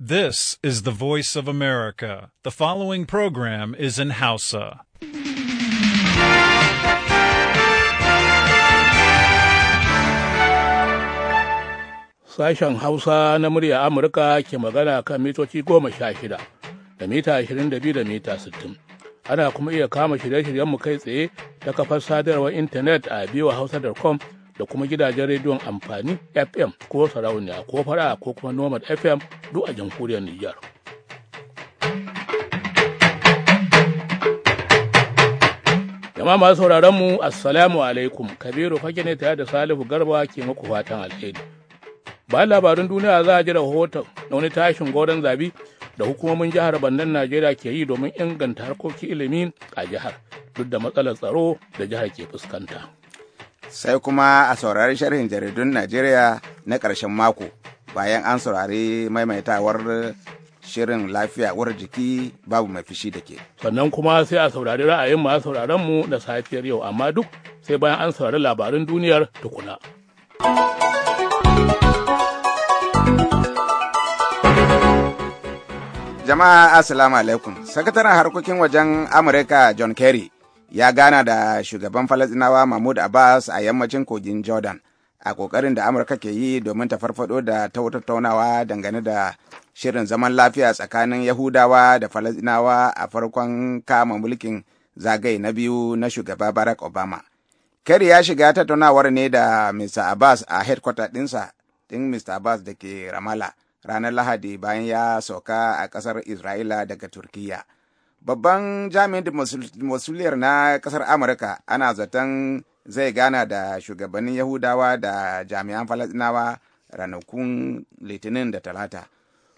This is the voice of America. The following program is in Hausa. Sashen Hausa na murya Amurka ke magana kan mitoci goma sha shida da mita ashirin da biyu da mita sittin. Ana kuma iya kama shirye-shiryenmu kai tsaye ta kafar sadarwar intanet a biyuwa hausa.com da kuma gidajen rediyon amfani FM ko sarauniya ko fara ko kuma Nomad FM duk a jamhuriyar Nijar. Yama masu sauraron mu Assalamu alaikum Kabiru fage ne tare da Salihu Garba ke muku fatan alheri. ba labarin duniya za a ji rahoton na wani tashin goron zabi da hukumomin jihar Bandan Najeriya ke yi domin inganta harkokin ilimi a jihar duk da matsalar tsaro da jihar ke fuskanta. sai kuma a saurari sharhin jaridun Najeriya na ƙarshen mako bayan an saurari maimaitawar shirin lafiya uwar jiki babu mai fishi da ke. Sannan kuma sai a saurari ra'ayin masu sauraron mu na safiyar yau amma duk sai bayan an saurari labarin duniyar tukuna. Jama'a Assalamu alaikum. Sakataren harkokin wajen Amurka John Kerry ya gana da shugaban falasinawa mahmud abbas a yammacin kogin jordan a ƙoƙarin da amurka ke yi domin ta farfado da ta tattaunawa dangane da shirin zaman lafiya tsakanin yahudawa da falasinawa a farkon kama mulkin zagaye na biyu na shugaba barack obama kerry ya shiga tattaunawar ne da mr abbas a headquarter ɗinsa ɗin mr abbas da ke ramala ranar lahadi bayan ya sauka a ƙasar isra'ila daga turkiyya babban jami'in masuliyar na kasar amurka ana zaton zai gana da shugabannin yahudawa da jami'an falasinawa ranakun litinin da talata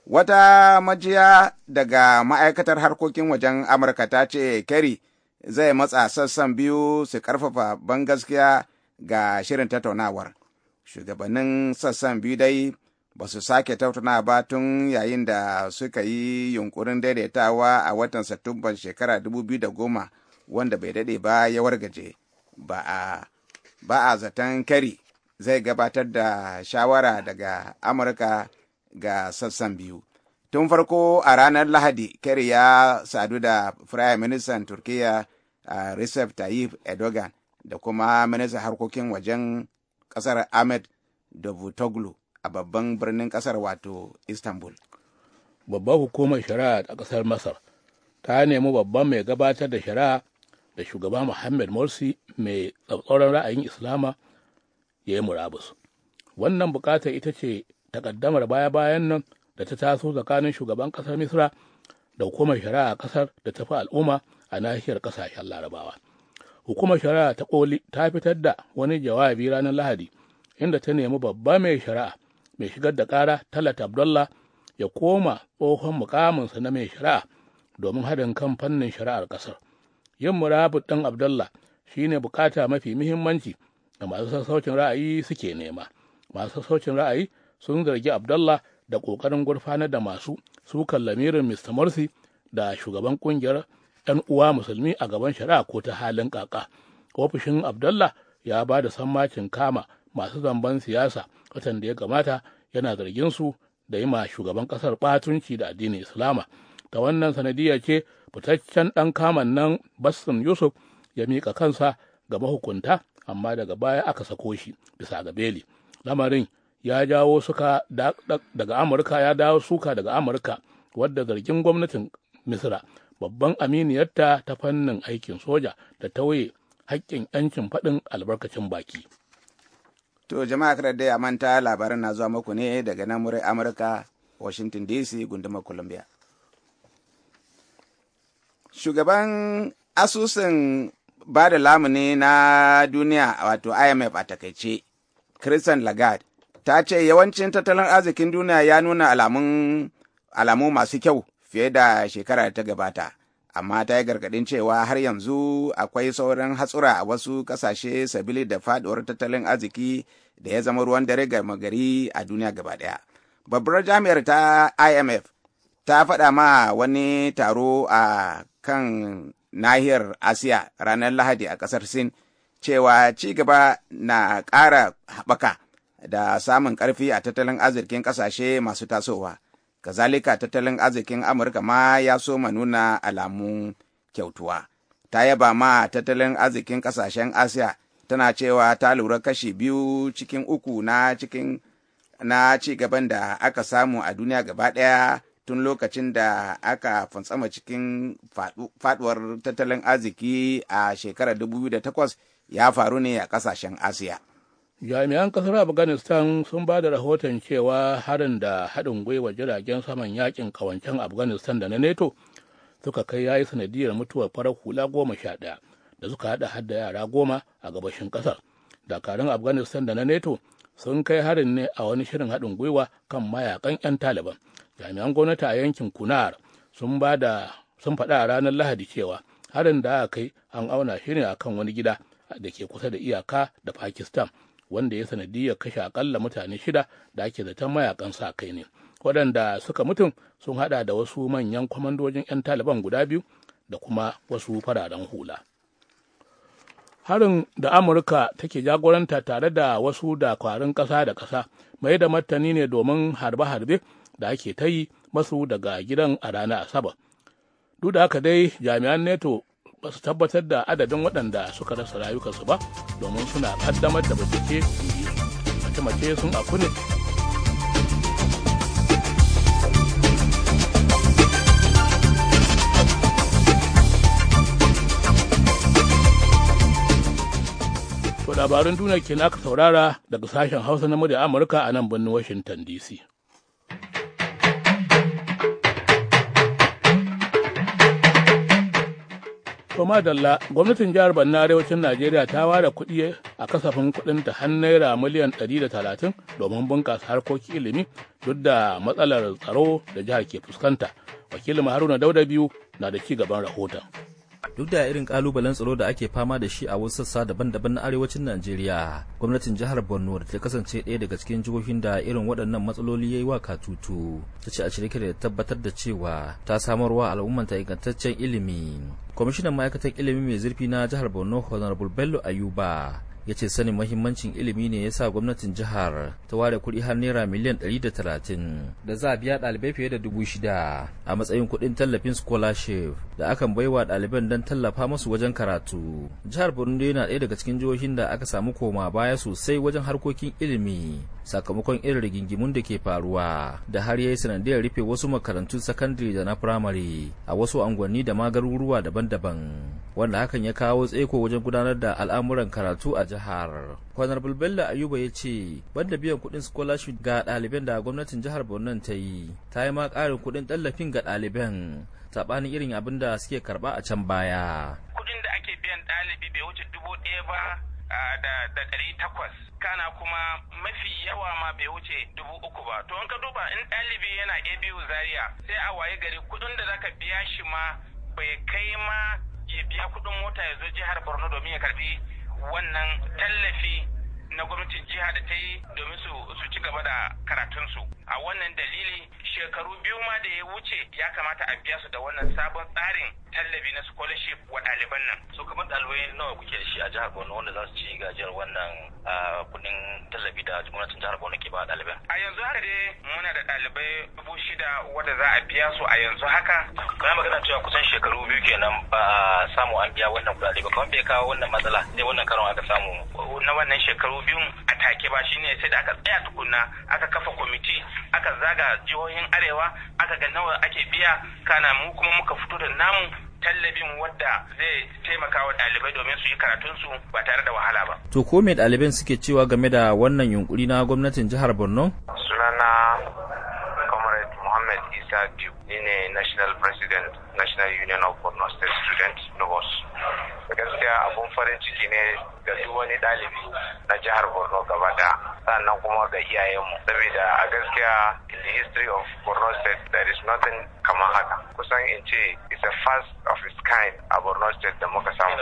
wata majiya daga ma'aikatar harkokin wajen amurka ta ce kerry zai matsa sassan biyu su karfafa ban gaskiya ga shirin tattaunawar shugabannin sassan biyu dai ba su sake tautana ba tun yayin da suka yi yunkurin daidaitawa a watan satumban shekara 2010 wanda bai daɗe ba ya wargaje ba a ba a zaton kari zai gabatar da shawara daga amurka ga sassan biyu tun farko a ranar lahadi kari ya sadu da prime minister turkiya uh, recep tayyip erdogan da kuma ministan harkokin wajen kasar ahmed davutoglu a babban birnin kasar wato istanbul babban hukumar shari'a a kasar masar ta nemi babban mai gabatar da shari'a da shugaba muhammad morsi mai tsatsauran ra'ayin islama ya yi murabus wannan bukatar ita ce takaddamar baya-bayan nan da ta taso tsakanin shugaban kasar misra da hukumar shari'a a kasar da tafi al'umma a nahiyar kasashen larabawa hukumar shari'a ta koli ta fitar da wani jawabi ranar lahadi inda ta nemi babba mai shari'a mai shigar da ƙara talat abdullah ya koma tsohon mukaminsa na mai shari'a domin haɗin kan fannin shari'ar ƙasar yin murabut ɗin abdullah shine bukata mafi muhimmanci da masu sassaucin ra'ayi suke nema masu sassaucin ra'ayi sun zargi abdullah da ƙoƙarin gurfana da masu sukan lamirin mr morsi da shugaban ƙungiyar 'yan uwa musulmi a gaban shari'a ko ta halin ƙaƙa. ofishin abdullah ya ba da sammacin kama masu zamban siyasa watan da ya kamata yana zargin su da yi ma shugaban kasar batunci da addinin islama ta wannan sanadiyya ce fitaccen ɗan kaman nan bassin yusuf ya mika kansa ga mahukunta amma daga baya aka sako shi bisa ga beli lamarin ya jawo suka daga amurka ya dawo suka daga amurka wadda zargin gwamnatin Misira, babban aminiyarta ta fannin aikin soja da tauye haƙƙin 'yancin faɗin albarkacin baki To jama'a kada da a manta labaran na zuwa muku ne daga nan murai Amurka, Washington DC, gundumar Columbia. Shugaban asusun ba da lamuni na duniya wato IMF a takaice, Christian Lagarde, ta ce yawancin tattalin arzikin duniya ya nuna alamu masu kyau fiye da shekara ta gabata. amma ta yi gargaɗin cewa har yanzu akwai sauran hatsura a wasu ƙasashe sabili da faɗuwar tattalin arziki da ya zama ruwan dare gama gari a duniya gaba ɗaya. Babbar jami'ar ta IMF ta faɗa ma wani taro a kan nahiyar Asiya ranar Lahadi a ƙasar Sin cewa ci gaba na ƙara haɓaka da samun ƙarfi a tattalin arzikin ƙasashe masu tasowa. kazalika tattalin arzikin amurka ma ya soma nuna alamun kyautuwa ta yaba ma tattalin arzikin kasashen asiya tana cewa ta lura kashi biyu cikin uku na cikin na ci gaban da aka samu a duniya gaba ɗaya tun lokacin da aka fantsama cikin faduwar tattalin arziki a shekarar 2008 ya faru ne a kasashen asiya jami'an kasar afghanistan sun ba da rahoton cewa harin da haɗin gwiwa jiragen saman yakin kawancen afghanistan da na neto suka kai ya yi sanadiyar mutuwar farar hula goma sha ɗaya da suka haɗa hadda yara goma a gabashin kasar dakarun afghanistan da na neto sun kai harin ne a wani shirin haɗin gwiwa kan mayakan 'yan taliban jami'an gwamnati a yankin kunar sun ba da sun faɗa a ranar lahadi cewa harin da aka kai an auna shi ne akan wani gida da ke kusa da iyaka da pakistan wanda ya sanadiyar kashe akalla mutane shida da ake zaton mayakan sa kai ne waɗanda suka mutum sun hada da wasu manyan kwamandojin 'yan taliban guda biyu da kuma wasu fararen hula harin da amurka take jagoranta tare da wasu kwarin ƙasa da ƙasa mai da martani ne domin harbe-harbe da ake ta yi masu daga gidan a ranar asabar duk da haka dai jami'an neto ba su tabbatar da adadin waɗanda suka rasa rayukansu ba domin suna kaddamar da bincike mace-mace sun aku ne labarun duniya ke aka saurara daga sashen hausa na murya amurka a nan birnin washington dc To madalla gwamnatin jihar Banna arewacin Najeriya ta ware kuɗi a kasafin ta har naira miliyan ɗari da talatin domin bunƙasa harkokin ilimi duk da matsalar tsaro da jihar ke fuskanta. Wakilin Haruna Dauda biyu na da ci gaban rahoton. Duk da irin kalubalen tsaro da ake fama da shi a wasu sassa daban-daban na arewacin Najeriya, gwamnatin jihar Borno da ta kasance ɗaya daga cikin jihohin da irin waɗannan matsaloli ya yi wa katutu, ta ce a shirye da tabbatar da cewa ta samarwa al'ummanta ingantaccen ilimi. Kwamishinan ma'aikatan ilimi mai zurfi na jihar Borno Honorable Bello Ayuba ya ce sanin mahimmancin ilimi ne ya sa gwamnatin jihar ta ware kuɗi har naira miliyan 130 da za a biya ɗalibai fiye da dubu shida a matsayin kuɗin tallafin scholarship da akan baiwa ɗaliban don tallafa masu wajen karatu jihar Burundi yana ɗaya daga cikin jihohin da aka samu koma baya sosai wajen harkokin ilimi sakamakon irin rigingimun da ke faruwa da har yayi sanadiyar rufe wasu makarantun sakandare da na firamare a wasu unguwanni da ma garuruwa daban-daban wanda hakan ya kawo tseko wajen gudanar da al'amuran karatu a jihar Kwanar bello ayuba ya ce banda biyan kuɗin scholarship ga ɗaliban da gwamnatin jihar borno ta yi ta yi ma ƙarin kuɗin tallafin ga ɗaliban saɓanin irin abin da suke karɓa a can baya kuɗin da ake biyan ɗalibi bai wuce dubu ɗaya ba da ɗari takwas kana kuma mafi yawa ma bai wuce dubu uku ba to in ka duba in ɗalibi yana abu zaria sai a waye gari kudin da zaka biya shi ma bai kai ma ya biya kudin mota ya zo jihar borno domin ya karbi wannan tallafi na gwamnatin jiha da ta yi domin su ci gaba da karatunsu a wannan dalili shekaru biyu ma da ya wuce ya kamata a biya su da wannan sabon tsarin Tallabi na scholarship wa ɗaliban nan so kamar ɗalibai nawa kuke da shi a jihar Borno wanda za su ci gajiyar wannan kuɗin tallabi da gwamnatin jihar Borno ke ba ɗaliban a yanzu haka dai muna da ɗalibai dubu shida wanda za a biya su a yanzu haka kana magana cewa kusan shekaru biyu kenan ba a samu an biya wannan kuɗaɗe ba kamar bai kawo wannan matsala sai wannan karon aka samu na wannan shekaru biyun a take ba shine sai da aka tsaya tukunna aka kafa kwamiti aka zaga jihohin arewa aka ga nawa ake biya kana mu kuma muka fito da namu tallabin wanda zai taimaka wa ɗalibai domin su yi karatunsu ba tare da wahala ba. To ko me ɗaliban suke cewa game da wannan yunkuri na gwamnatin jihar Borno? Sunana Comrade Muhammad Isa Biyu ni ne National President National Union of Borno State Students Novos. Gaskiya abun farin ciki ne ga duk wani ɗalibi na jihar Borno gaba ɗaya. sannan kuma ga iyayenmu saboda a gaskiya in the history of Borno State there is nothing kamar haka kusan in ce it's a first of its kind a Borno State da muka samu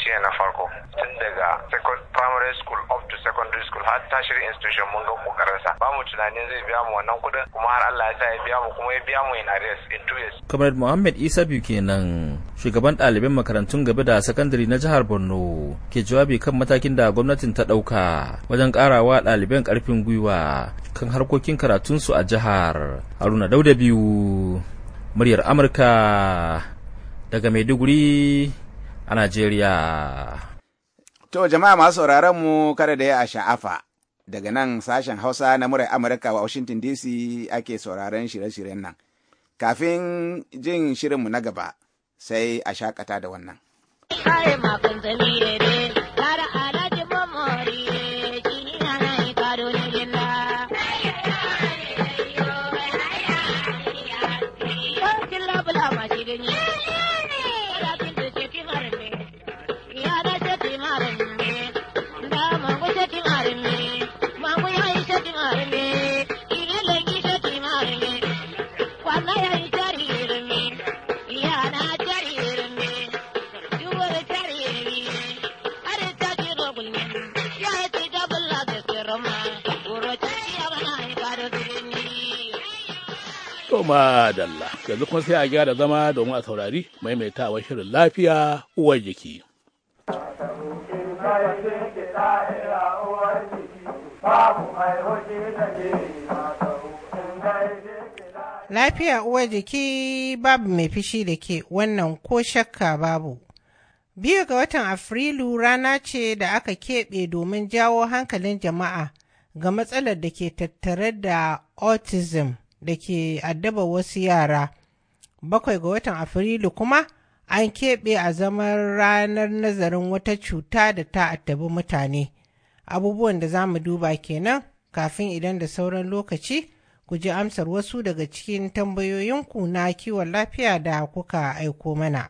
ciye na farko tun daga second primary school up to secondary school har tashiri institution mun ga kokarin sa ba mu tunanin zai biya mu wannan kudin kuma har Allah ya sa ya biya mu kuma ya biya mu in arrears in two years Comrade Muhammad Isa biyu kenan shugaban ɗaliban makarantun gaba da sakandare na jihar Borno ke jawabi kan matakin da gwamnatin ta ɗauka wajen ƙarawa ɗaliban ƙarfin gwiwa kan harkokin su a jihar haruna dauda biyu muryar amurka daga maiduguri a najeriya to jama'a masu sauraron mu kada da ya a sha'afa daga nan sashen hausa na muryar amurka a washington dc ake sauraron shirye-shiryen nan kafin jin shirinmu na gaba sai a shakata da wannan मापन चलिए रे madalla yanzu kuma sai a gyara zama domin a saurari maimaitawa shirin lafiya uwar jiki lafiya uwar jiki babu mai fishi da ke wannan ko shakka babu biyu ga watan afrilu rana ce da aka keɓe domin jawo hankalin jama'a ga matsalar da ke tattare da autism da ke addaba wasu yara. Bakwai ga watan Afrilu kuma an keɓe a zaman ranar nazarin wata cuta da ta addabi mutane. Abubuwan da za mu duba kenan kafin idan da sauran lokaci ku ji amsar wasu daga cikin tambayoyinku na kiwon lafiya da kuka aiko mana.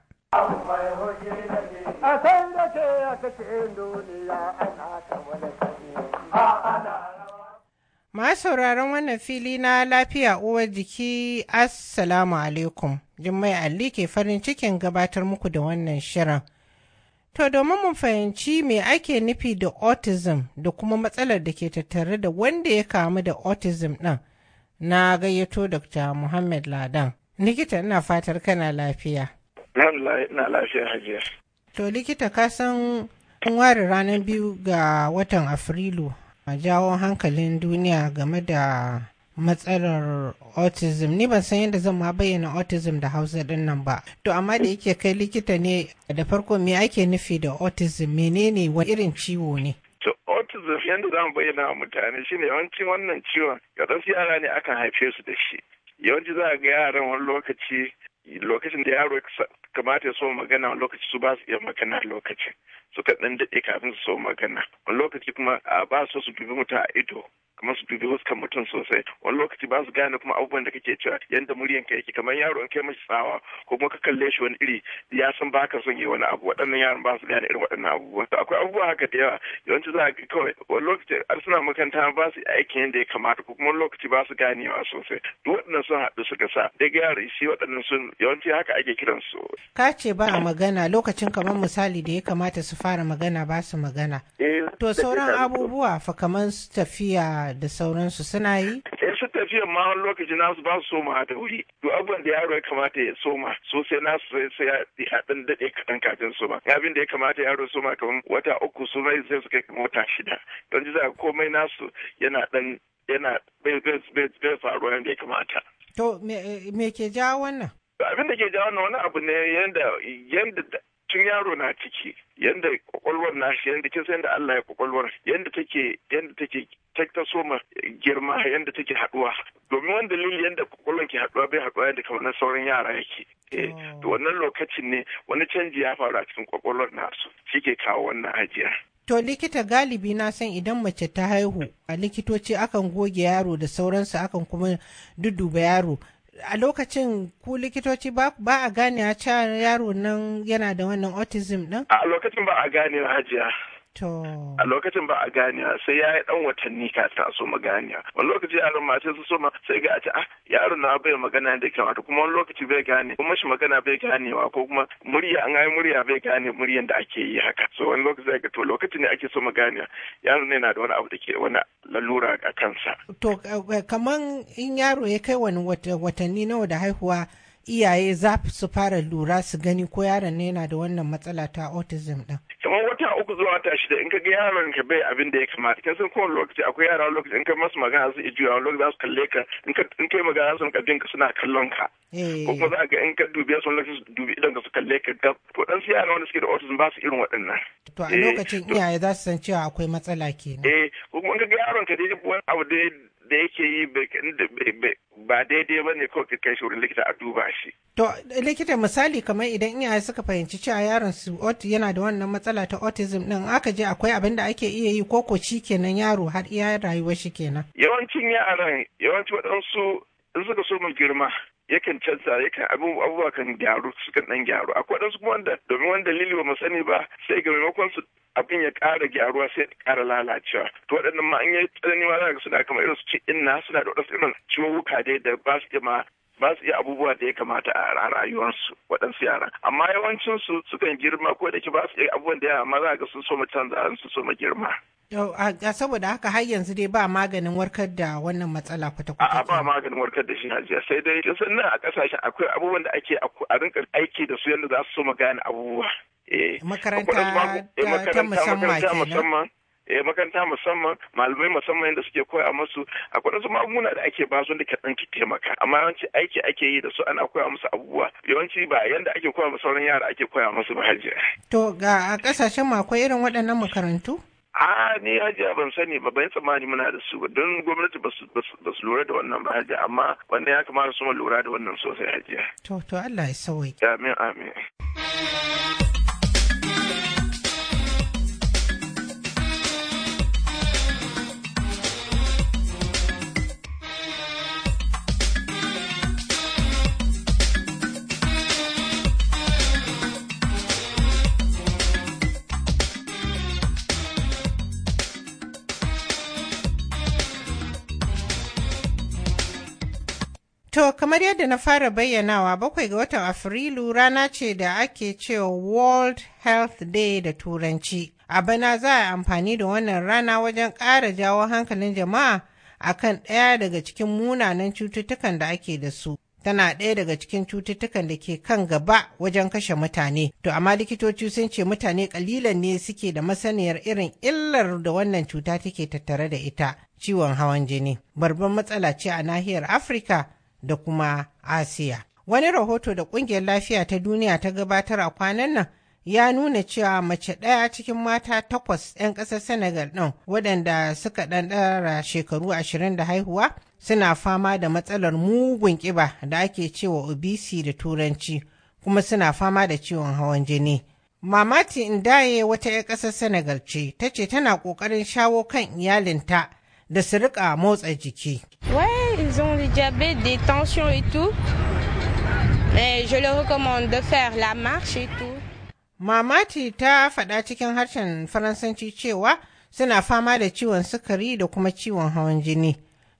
a kan da ke a kashe duniya a Ma sauraron wannan fili na lafiya uwar jiki Assalamu alaikum. Jummai Alli ke farin cikin gabatar muku da wannan shirin. To domin mu fahimci me ake nufi da autism da kuma matsalar da ke tattare da wanda ya kamu da autism ɗin na gayyato Dr. Muhammad Ladan. Likita ina fatar kana lafiya. To likita ka san ware ranar biyu ga watan Afrilu jawo hankalin duniya game da matsalar autism ni ban san yadda zan ma bayyana autism da hausa din nan ba to amma da yake kai likita ne da farko me ake nufi da autism menene wani irin ciwo ne to autism yadda za mu bayyana wa mutane shine yawanci wannan ciwon su yara ne akan haife su da shi yawanci za ga yaran wani lokaci lokacin da yaro kamata ya so magana lokaci su ba su iya magana a lokaci ka ɗan daɗe kafin su so magana wani lokaci kuma a ba su su dubi mutum a ido kuma su dubi huskan mutum sosai wani lokaci ba su gane kuma abubuwan da kake cewa muryan ka yake kamar yaro in kai mashi tsawa ko kuma ka kalle shi wani iri ya san ba ka son yi wani abu waɗannan yaran ba su gane irin waɗannan abubuwa akwai abubuwa haka da yawa yawanci za ga kawai wani lokaci a suna makaranta ba su aikin yadda ya kamata ko kuma wani lokaci ba su ganewa sosai duk waɗannan sun haɗu suka sa daga yaro shi waɗannan sun yawanci haka ake kiransu ka ce ba a magana lokacin kamar misali da ya kamata su fara magana ba su magana eh, to sauran abubuwa fa kamar su tafiya da sauransu suna yi eh, su tafiya ma wani lokaci nasu ba su soma da wuri to abin da yaro ya kamata ya soma so nasu sai sai ya dan dade kaɗan kafin soma abin da ya kamata yaro soma kamar wata uku su mai sai su kai wata shida don ji za komai nasu yana dan yana bai faruwa yadda ya kamata to me eh, ke jawo wannan abin da ke jawo na wani abu ne yanda yanda tun yaro na ciki yanda kwakwalwar nashi yanda kin san da Allah ya kwakwalwar yanda take yanda take ta soma girma yanda take haduwa domin wani dalili yanda kwakwalwar ke haduwa bai haduwa yadda kamar na sauran yara yake eh, oh. to wannan lokacin ne wani canji ya faru a cikin kwakwalwar nasu shi ke kawo wannan ajiya To likita galibi na san idan mace ta haihu a likitoci akan goge yaro da sauransu akan kuma duduba yaro a lokacin ku likitoci ba a gane a yaro nan yana da wannan autism din. A lokacin ba a gane hajiya. A lokacin ba a ganiya sai ya yi ɗan watanni kafin a so ganiya. Wani lokaci yaron ma sai su so ma sai ga a ce ah yaron na bai magana da kyau wato kuma wani lokaci bai gane kuma shi magana bai ganewa ko kuma murya an yi murya bai gane muryan da ake yi haka. So wani lokaci zai ga to lokacin ne ake so ganiya yaron ne na da wani abu da ke wani lalura a kansa. To eh, kaman in yaro ya kai wani watanni nawa da haihuwa iyaye za su fara lura su gani ko yaron ne yana da wannan matsala ta autism din kamar wata uku zuwa wata shida in ka ga yaron ka bai abin da ya kamata kin san kowane lokaci akwai yara lokaci in ka masu magana su iya juya wani lokaci za su kalle ka in ka yi magana su ka ka suna kallon ka Eh. ko kuma za ga in ka dubi su wani dubi idan ka su kalle ka ga to dan su yara wanda suke da autism ba su irin waɗannan to a lokacin eh, iyaye za su san cewa akwai matsala ke nan. eh ko kuma in ga yaron ka dai wani abu da da yake yi ba daidai ba ne kawai kai shi wurin likita a duba shi. To likita misali kamar idan iyaye suka fahimci cewa yaron su yana da wannan matsala ta autism din aka je akwai abin da ake iya yi ko shi kenan yaro har iya rayuwar shi kenan. Yawancin yaran yawancin waɗansu in suka so mu girma yakan canza yakan abubuwa kan gyaru sukan dan gyaru akwai wadansu kuma wanda domin wani dalili ba sani ba sai ga maimakon su abin ya kara gyaruwa sai ya ƙara lalacewa to waɗannan ma an yi tsanani ma za ka suna kamar irin su ci inna suna da wadansu irin ciwuwuka dai da ba su ma ba su iya abubuwa da ya kamata a rayuwarsu waɗansu yaran amma yawancinsu sukan girma ko da ke ba su iya abubuwan da yawa maza ga sun so mu canza sun so mu girma. saboda haka har yanzu dai ba maganin warkar da wannan matsala kwata-kwata. A'a ba maganin warkar da shi hajiya sai dai kisan nan a kasashen akwai abubuwan da ake a rinka aiki da su yadda za su so mu gane abubuwa. Eh, makaranta eh, ta musamman. eh makaranta musamman malamai musamman yadda suke koya musu akwai wasu magunguna da ake ba su da kaɗan ki taimaka amma yawanci aiki ake yi da su ana koya musu abubuwa yawanci ba yadda ake koya musu sauran yara ake koya musu ba hajiya. to ga a kasashen ma akwai irin waɗannan makarantu. a ni hajiya ban sani ba ban tsammani muna da su don gwamnati ba su lura da wannan ba amma wanda ya kamata su ma lura da wannan sosai hajiya. to to Allah ya sauya. amin amin. To, kamar yadda na fara bayyanawa bakwai ga watan Afrilu rana ce da ake cewa World Health Day da Turanci. A bana za a amfani da wannan rana wajen ƙara jawo hankalin jama'a a kan ɗaya daga cikin munanan cututtukan da ake da su. Tana ɗaya daga cikin cututtukan da ke kan gaba wajen kashe mutane. To, amma likitoci sun ce mutane ƙalilan ne suke da masaniyar irin illar da wannan cuta take tattare da ita, ciwon hawan jini. Barban matsala ce a nahiyar Afirka da kuma asiya wani rahoto da ƙungiyar lafiya ta duniya ta gabatar a kwanan nan ya nuna cewa mace ɗaya cikin mata takwas 'yan ƙasar senegal ɗin waɗanda suka ɗanɗara shekaru ashirin da haihuwa suna fama da matsalar mugun ƙiba da ake cewa obc da turanci kuma suna fama da ciwon hawan jini mamati indaye wata 'yan ƙasar senegal ce ta ce tana ƙoƙarin shawo kan iyalinta da su riƙa motsa jiki. ils ont du diabète, des tensions et tout. Mais je leur recommande de faire la marche et tout. Mamati ta faɗa cikin harshen Faransanci cewa suna fama da ciwon sukari da kuma ciwon hawan jini.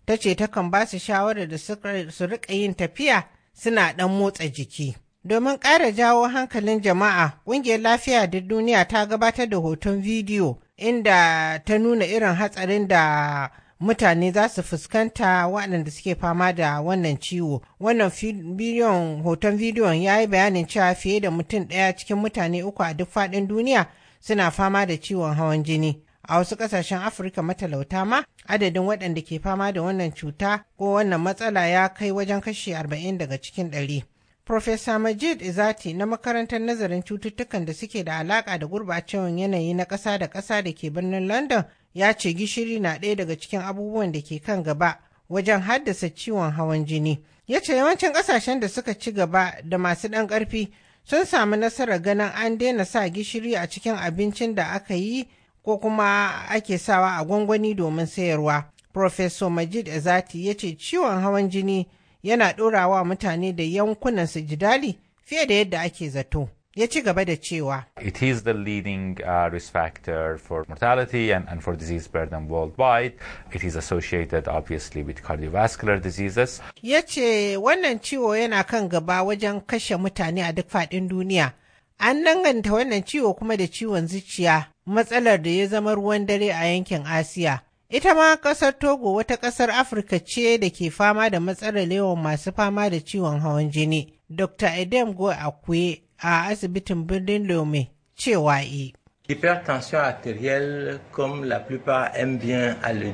Ta ce takan ba su shawarar da su riƙa yin tafiya suna ɗan motsa jiki. Domin ƙara jawo hankalin jama'a, ƙungiyar lafiya da duniya ta gabatar da hoton bidiyo inda ta nuna irin hatsarin da mutane za su fuskanta waɗanda suke fama da wannan ciwo wannan bidiyon hoton bidiyon ya yi bayanin cewa fiye da mutum ɗaya cikin mutane uku a duk faɗin duniya suna fama da ciwon hawan jini a wasu ƙasashen afirka matalauta ma adadin waɗanda ke fama da wannan cuta ko wannan matsala ya kai wajen kashi arba'in daga cikin ɗari. Profesa Majid Izati na makarantar nazarin cututtukan da suke da alaƙa da gurɓacewar yanayi na ƙasa da ƙasa da ke birnin London ya ce gishiri na ɗaya daga cikin abubuwan da ke kan gaba wajen haddasa ciwon hawan jini. Ya ce yawancin ƙasashen da suka ci gaba da masu ɗan ƙarfi sun samu nasarar ganin an daina sa gishiri a cikin abincin da aka yi ko kuma ake sawa a gwangwani domin sayarwa. Professor Majid Azati ya ce ciwon hawan jini yana ɗorawa mutane da yankunan su jidali fiye da yadda ake zato. ya ci gaba da cewa it is the leading uh, risk factor for mortality and, and for disease burden worldwide it is associated obviously with cardiovascular diseases ya ce wannan ciwo yana kan gaba wajen kashe mutane a duk faɗin duniya an danganta wannan ciwo kuma da ciwon zuciya matsalar da ya zama ruwan dare a yankin asiya ita ma ƙasar togo wata ƙasar afirka ce da ke fama da matsalar yawan masu fama da ciwon hawan jini dr edem go akwe a asibitin birnin Lome cewa e. Hypertension arterielle comme la plupart aiment bien à le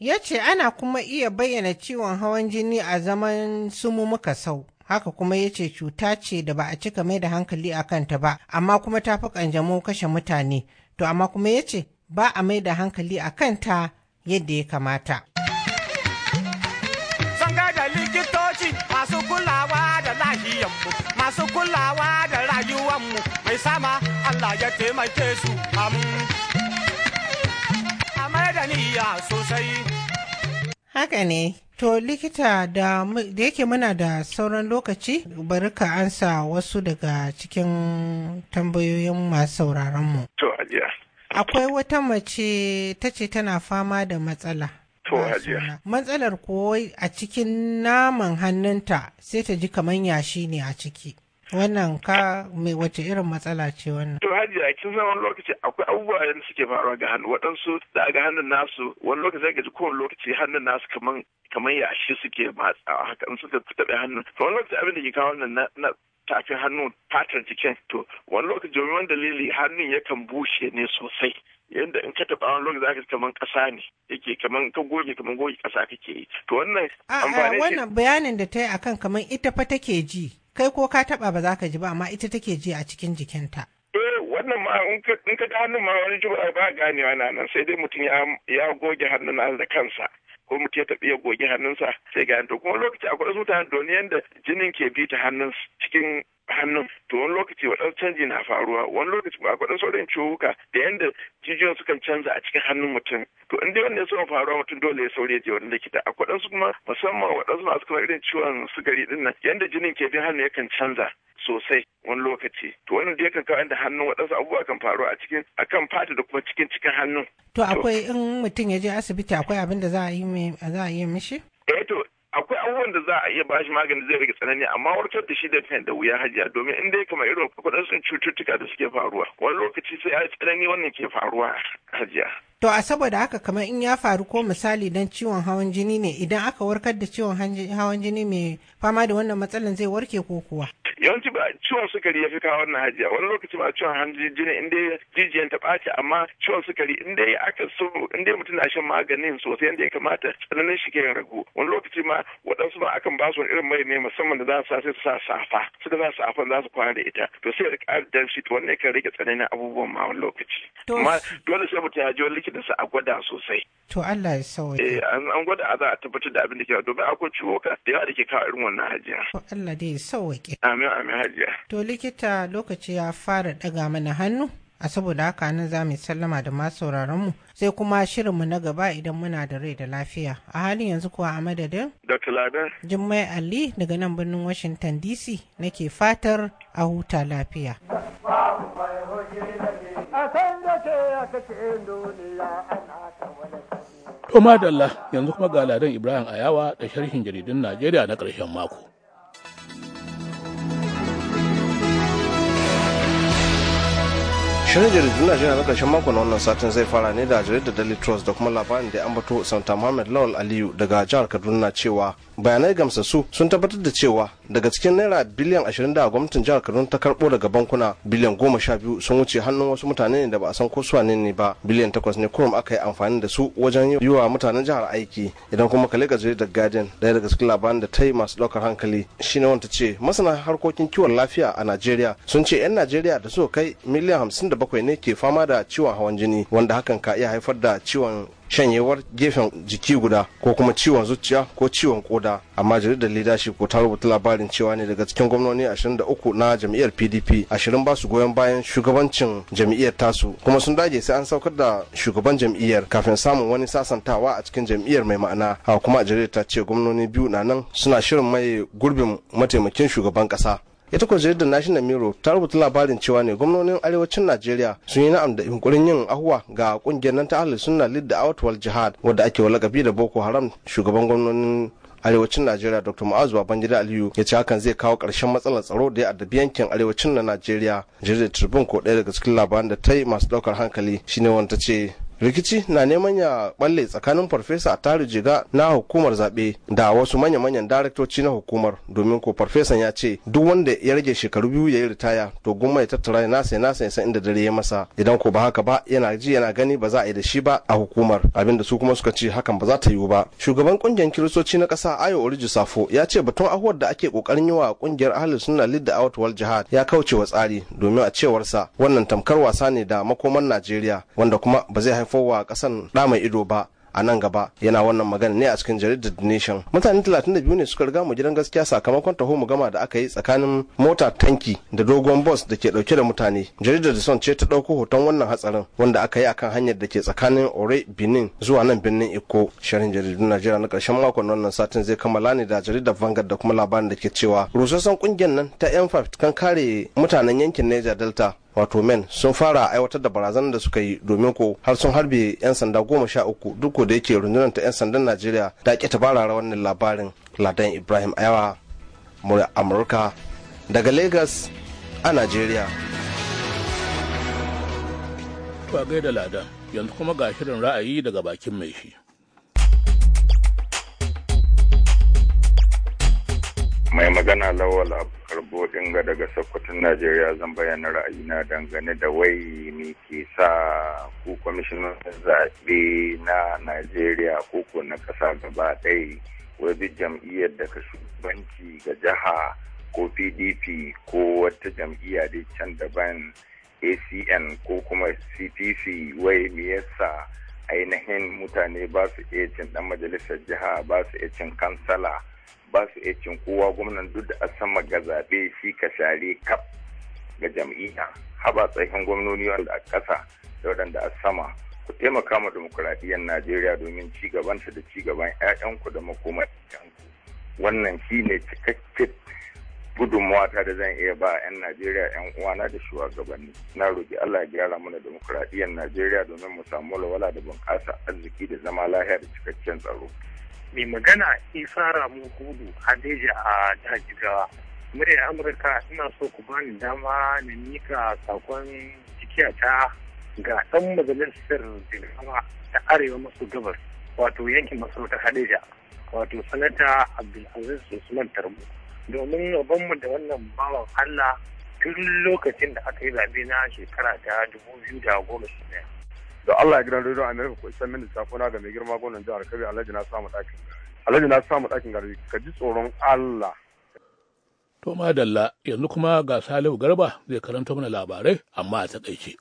ya ce ana kuma iya bayyana ciwon hawan jini a zaman sumumuka sau haka kuma ya ce cuta ce da ba a cika mai da hankali a kanta ba amma kuma ta fi kanjamau kashe mutane to amma kuma ya ce ba a mai da hankali a kanta yadda ya kamata. likitoci masu kulawa da lahiyanmu masu kulawa da rayuwanmu mai sama Allah ya taimake su a da niyya sosai. Haka ne, to likita da yake muna da sauran lokaci bari ka ansa wasu daga cikin tambayoyin masu sauraronmu. To, Akwai wata mace ta ce tana fama da matsala. To hajiya. Matsalar kowai a cikin naman hannunta sai ta ji kamar yashi ne a ciki. Wannan ka mai wace irin matsala ce wannan? To hajiya kin san wani lokaci akwai abubuwa da suke faruwa ga hannu waɗansu da ga hannun nasu wani lokaci ga ji kowane lokaci hannun nasu kaman kaman yashi suke matsawa haka in suka taɓa hannun. To wani lokaci abin da ke kawo wannan na tafin hannun fatar jikin to wani lokaci domin wani dalili hannun yakan bushe ne sosai yadda in ka taɓa wani lokaci zaka kaman ƙasa ne yake kaman ka goge kaman goge ƙasa kake yi to wannan amfani wannan bayanin da ta yi akan kaman ita fa take ji kai ko ka taɓa ba za ji ba amma ita take ji a cikin jikinta eh wannan ma in ka ga hannun ma wani jima'a ba ganewa na nan sai dai mutum ya goge hannun da kansa ko mutum ya taɓa ya goge hannunsa sai ga to kuma lokaci akwai wasu mutane doni yadda jinin ke bi ta hannun cikin hannun to wani lokaci waɗansu canji na faruwa wani lokaci kuma akwai ɗansu waɗansu ciwuka da yadda jijiyoyin sukan canza a cikin hannun mutum to in dai ya ya faruwa mutum dole ya saurayi je wani likita akwai ɗansu kuma musamman waɗansu masu kamar irin ciwon sukari ɗin nan yadda jinin ke bi hannu yakan canza sosai wani lokaci to wani da yakan kawo da hannun waɗansu abubuwa kan faru a cikin akan fata da kuma cikin cikin hannun. To akwai in mutum ya je asibiti akwai abin da za a yi mishi? Eh to abubuwan da za a iya shi magani zai rage tsanani amma warkar da shi da kan da wuya hajiya domin in dai kamar irin sun cututtuka da suke faruwa wani lokaci sai a tsanani wannan ke faruwa hajiya. To a saboda haka kamar in ya faru ko misali dan ciwon hawan jini ne idan aka warkar da ciwon hawan jini mai fama da wannan matsalan zai warke ko kuwa? Yawanci ba ciwon sukari ya fi kawo wannan hajiya wani lokaci ba ciwon hawan jini inda jijiyan ta ɓaci amma ciwon sukari inda ya aka so inda mutum na shan maganin sosai inda ya kamata tsananin shi ke ragu wani lokaci ma waɗansu ba akan ba su wani irin mai ne musamman da za su sai su sa safa su da za su afan za su kwana da ita to sai da ƙara danshi to wannan yakan rage tsananin abubuwan ma wani lokaci amma dole sai mutum ya je wani likita sa a gwada sosai to Allah ya sauke eh an gwada a za a tabbatar da abin da ke domin akwai ciwo ka da yawa da ke kawo irin wannan hajiya to Allah dai ya sauke amin amin hajiya to likita lokaci ya fara daga mana hannu a saboda haka nan za mu sallama da masu mu sai kuma shirin mu na gaba idan muna da rai da lafiya a halin yanzu kuwa a madadin jummai ali daga nan birnin washington dc nake fatar a huta lafiya To madalla yanzu kuma ga ladan Ibrahim Ayawa da sharhin jaridun Najeriya na ƙarshen mako. shirin jaridun najeriya na karshen mako na wannan satin zai fara ne da da daily trust da kuma labarin da ya ambato santa muhammad lawal aliyu daga jihar kaduna cewa bayanai gamsassu sun tabbatar da cewa daga cikin naira biliyan ashirin da gwamnatin jihar kaduna ta karbo daga bankuna biliyan goma sha biyu sun wuce hannun wasu mutane da ba a san ko su ne ba biliyan takwas ne kurum aka yi amfani da su wajen yi wa mutanen jihar aiki idan kuma ka leka da guardian daya daga cikin labaran da ta yi masu daukar hankali shine wanda ce masana harkokin kiwon lafiya a najeriya sun ce 'yan najeriya da su kai miliyan hamsin da bakwai ne ke fama da ciwon hawan jini wanda hakan ka iya haifar da ciwon shanyewar gefen jiki guda ko kuma ciwon zuciya ko ciwon koda amma jaridar leadership ko ta rubuta labarin cewa ne daga cikin gwamnoni 23 na jam'iyyar pdp 20 ba su goyon bayan shugabancin jam'iyyar tasu kuma sun dage sai an saukar da shugaban jam'iyyar kafin samun wani sasantawa a cikin jam'iyyar mai ma'ana haka kuma jaridar ta ce gwamnoni biyu na nan suna shirin mai gurbin mataimakin shugaban kasa ita ko jaridar national mirror ta rubuta labarin cewa ne gwamnonin arewacin najeriya sun yi na'am da yunkurin yin ahuwa ga kungiyar nan ta ahlus sunna the da awatwal jihad wadda ake walakabi da boko haram shugaban gwamnonin arewacin najeriya dr ma'azu babangida aliyu ya ce hakan zai kawo ƙarshen matsalar tsaro da ya addabi yankin arewacin na najeriya jaridar tribune ko ɗaya daga cikin labaran da ta yi masu ɗaukar hankali shine wanda ta ce rikici na neman ya balle tsakanin farfesa a tari jiga na hukumar zaɓe da wasu manya-manyan daraktoci na hukumar domin ko farfesan ya ce duk wanda ya rage shekaru biyu ya yi ritaya to gumma ya tattara ya nasa ya nasa ya san inda dare ya masa idan ko ba haka ba yana ji yana gani ba za a yi da shi ba a hukumar abinda su kuma suka ce hakan ba za ta yiwu ba shugaban kungiyar kiristoci na ƙasa ayo oriji safo ya ce batun ahuwar da ake kokarin yi wa kungiyar ahlus suna lidda out wal jihad ya kauce wa tsari domin a cewarsa wannan tamkar wasa ne da makoman najeriya wanda kuma ba zai haifa a kasan ɗa mai ido ba a nan gaba yana wannan magana ne a cikin jaridar the nation mutane 32 ne suka riga mu gidan gaskiya sakamakon taho mu gama da aka yi tsakanin mota tanki da dogon bus da ke dauke da mutane jaridar the sun ce ta dauko hoton wannan hatsarin wanda aka yi akan hanyar da ke tsakanin ore benin zuwa nan birnin iko shirin jaridun najeriya na karshen makon wannan satin zai kammala ne da jaridar vanguard da kuma labarin da ke cewa rusassan kungiyar nan ta yan kan kare mutanen yankin niger delta wato men sun fara aiwatar da barazanar da suka yi domin ko har sun harbe 'yan sanda goma sha uku duk da yake rundunar ta 'yan sandan najeriya da ta barara wannan labarin ladan ibrahim ayawa murya amurka daga lagos a najeriya ba gaida ladan yanzu kuma ga shirin ra'ayi daga bakin mai shi mai magana lawal abubakar bodinga daga sokoton najeriya zan bayyana ra'ayina dangane da wai ne ke sa ku kwamishinan zaɓe na najeriya koko na ƙasa gaba ɗaya wai jam'iyyar da ka shugabanci ga jiha ko pdp ko wata jam'iyya dai can daban acn ko kuma cpc wai me yasa ainihin mutane ba su iya cin ɗan majalisar jiha ba su iya cin kansala ba su iya cin kowa gwamnan duk da a sama ga zaɓe shi ka share kaf ga jam'iyya haba tsakin gwamnoni wanda a ƙasa da waɗanda a sama ku taimaka ma demokuraɗiyyar najeriya domin ci gabanta da ci gaban 'ya'yanku da makomar wannan shi ne cikakken gudunmawata da zan iya ba 'yan najeriya 'yan uwana da shugabanni na roƙi allah ya gyara mana demokuraɗiyyar najeriya domin mu samu walwala da bunƙasa arziki da zama lahiya da cikakken tsaro mai magana isa ramu hudu hadeja a gawa? murya amurka ina so ku bani dama na mika sakon jikiya ta ga dan majalisar jirgama ta arewa masu gabas wato yankin masarautar hadeja wato sanata abdulaziz usman tarbo domin mu da wannan bawan allah tun lokacin da aka yi zaɓe na shekara ta dubu biyu da goma sha da Allah ya gidan rediyon Amerika ko isa ko na ga mai girma gwamnan jihar Kebbi Alhaji na samu ɗakin Alhaji na samu ɗakin gari ka ji tsoron Allah. To madalla yanzu kuma ga Salihu Garba zai karanta mana labarai amma a taƙaice.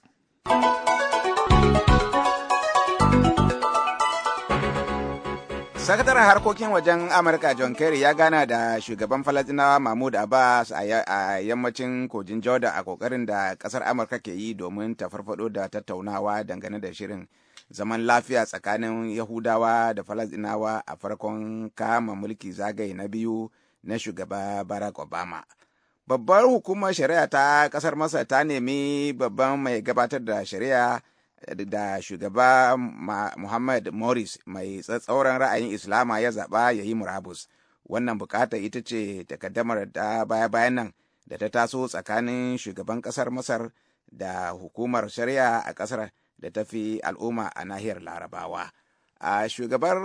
sakataren harkokin wajen amurka john kerry ya gana da shugaban falasinawa mahmud abbas a yammacin kogin jordan a kokarin da kasar amurka ke yi domin ta farfado da tattaunawa dangane da shirin zaman lafiya tsakanin yahudawa da falasinawa a farkon kama mulki zagaye na biyu na shugaba barack obama babbar hukumar shari'a ta kasar masar ta nemi babban mai gabatar da shari'a da shugaba Muhammad Morris mai tsatsauran ra'ayin Islama ya zaɓa ya yi murabus. Wannan bukata ita ce takaddamar da baya-bayan nan da ta taso tsakanin shugaban ƙasar Masar da hukumar shari'a a ƙasar da ta fi al'umma a nahiyar Larabawa. A shugabar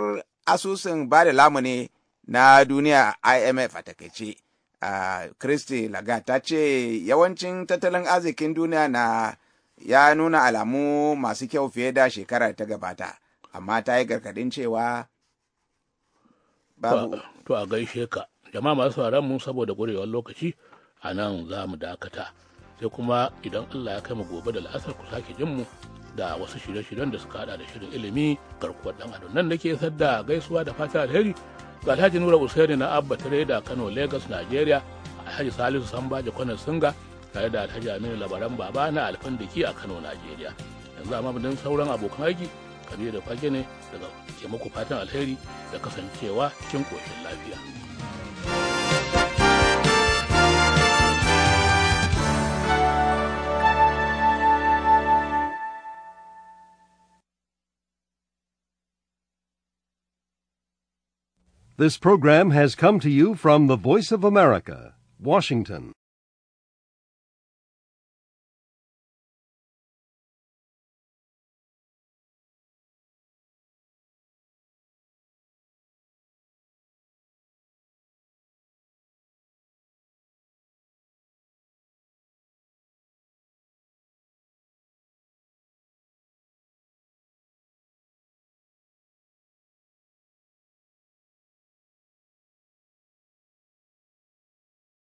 asusun ba da lamuni na duniya IMF a takaice, a Christy Lagarde ta ce yawancin tattalin arzikin duniya na ya nuna alamu masu kyau fiye da shekarar ta gabata amma ta yi gargadin cewa babu to a gaishe ka jama'a masu mu saboda gurewar lokaci a nan za mu dakata sai kuma idan allah ya kai mu gobe da la'asar ku sake jin mu da wasu shirye-shiryen da suka hada da shirin ilimi garkuwar dan adam nan nake isar da gaisuwa da fata alheri ga alhaji nura usaini na abba tare da kano lagos nigeria alhaji salisu da kwanan singa tare da alhaji aminu labaran baba na alfan a kano najeriya yanzu a sauran abokan aiki kabiru da fage ne daga ke muku fatan alheri da kasancewa cikin koshin lafiya This program has come to you from the Voice of America, Washington.